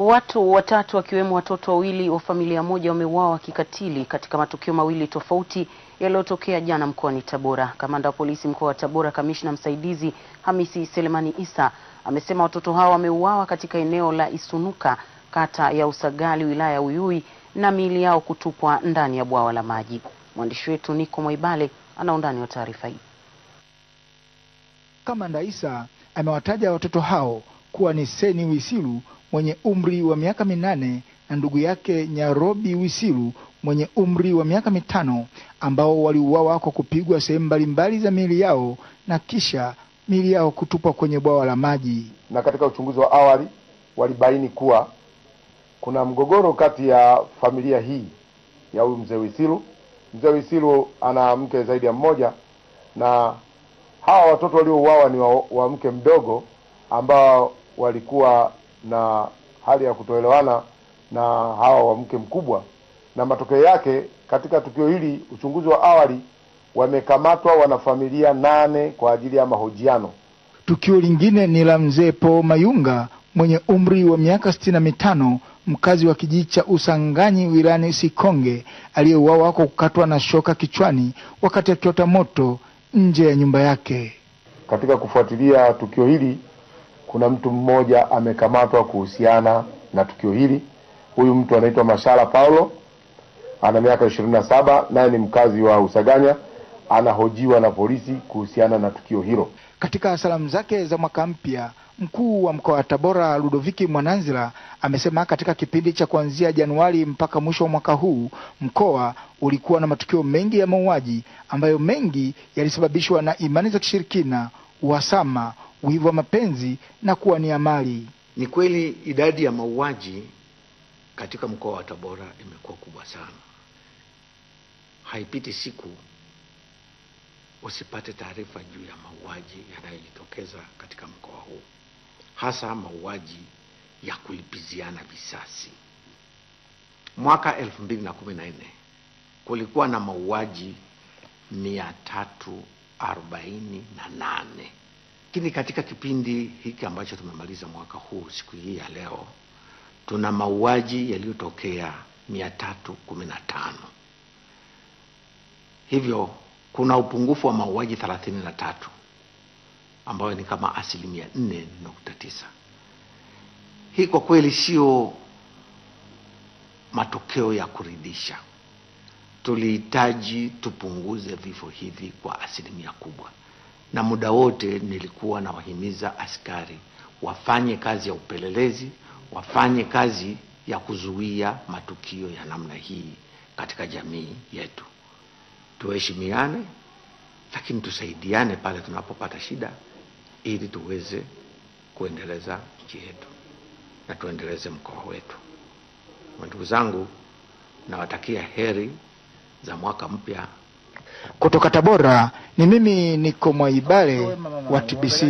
Watu watatu wakiwemo watoto wawili wa familia moja wameuawa kikatili katika matukio mawili tofauti yaliyotokea jana mkoani Tabora. Kamanda wa polisi mkoa wa Tabora, kamishna msaidizi Hamisi Selemani Isa amesema watoto hao wameuawa katika eneo la Isunuka, kata ya Usagali, wilaya ya Uyui, na miili yao kutupwa ndani ya bwawa la maji. Mwandishi wetu Niko Mwaibale ana undani wa taarifa hii. Kamanda Isa amewataja watoto hao kuwa ni Seni Wisilu mwenye umri wa miaka minane na ndugu yake Nyarobi Wisiru mwenye umri wa miaka mitano ambao waliuawa kwa kupigwa sehemu mbalimbali za miili yao na kisha miili yao kutupwa kwenye bwawa la maji. Na katika uchunguzi wa awali walibaini kuwa kuna mgogoro kati ya familia hii ya huyu mzee Wisiru. Mzee Wisiru ana mke zaidi ya mmoja, na hawa watoto waliouawa ni wa, wa mke mdogo ambao walikuwa na hali ya kutoelewana na hawa wa mke mkubwa, na matokeo yake katika tukio hili, uchunguzi wa awali, wamekamatwa wanafamilia nane kwa ajili ya mahojiano. Tukio lingine ni la mzee Po Mayunga mwenye umri wa miaka sitini na mitano mkazi wa kijiji cha Usanganyi wilayani Sikonge aliyeuawa kwa kukatwa na shoka kichwani wakati akiota moto nje ya nyumba yake. Katika kufuatilia tukio hili kuna mtu mmoja amekamatwa kuhusiana na tukio hili. Huyu mtu anaitwa Mashala Paulo, ana miaka ishirini na saba, naye ni mkazi wa Usaganya, anahojiwa na polisi kuhusiana na tukio hilo. Katika salamu zake za mwaka mpya, mkuu wa mkoa wa Tabora Ludoviki Mwananzila amesema katika kipindi cha kuanzia Januari mpaka mwisho wa mwaka huu mkoa ulikuwa na matukio mengi ya mauaji ambayo mengi yalisababishwa na imani za kishirikina, uhasama wivu wa mapenzi na kuwania mali. Ni kweli idadi ya mauaji katika mkoa wa Tabora imekuwa kubwa sana. Haipiti siku usipate taarifa juu ya mauaji yanayojitokeza katika mkoa huu, hasa mauaji ya kulipiziana visasi. Mwaka elfu mbili na kumi na nne kulikuwa na mauaji mia tatu arobaini na nane. Lakini katika kipindi hiki ambacho tumemaliza mwaka huu siku hii ya leo, tuna mauaji yaliyotokea 315. Hivyo kuna upungufu wa mauaji 33 ambayo ni kama asilimia 4.9. Hii kwa kweli sio matokeo ya kuridhisha. Tulihitaji tupunguze vifo hivi kwa asilimia kubwa na muda wote nilikuwa nawahimiza askari wafanye kazi ya upelelezi, wafanye kazi ya kuzuia matukio ya namna hii katika jamii yetu. Tuheshimiane, lakini tusaidiane pale tunapopata shida, ili tuweze kuendeleza nchi yetu na tuendeleze mkoa wetu. Ndugu zangu, nawatakia heri za mwaka mpya. Kutoka Tabora ni mimi niko Mwaibale wa TBC.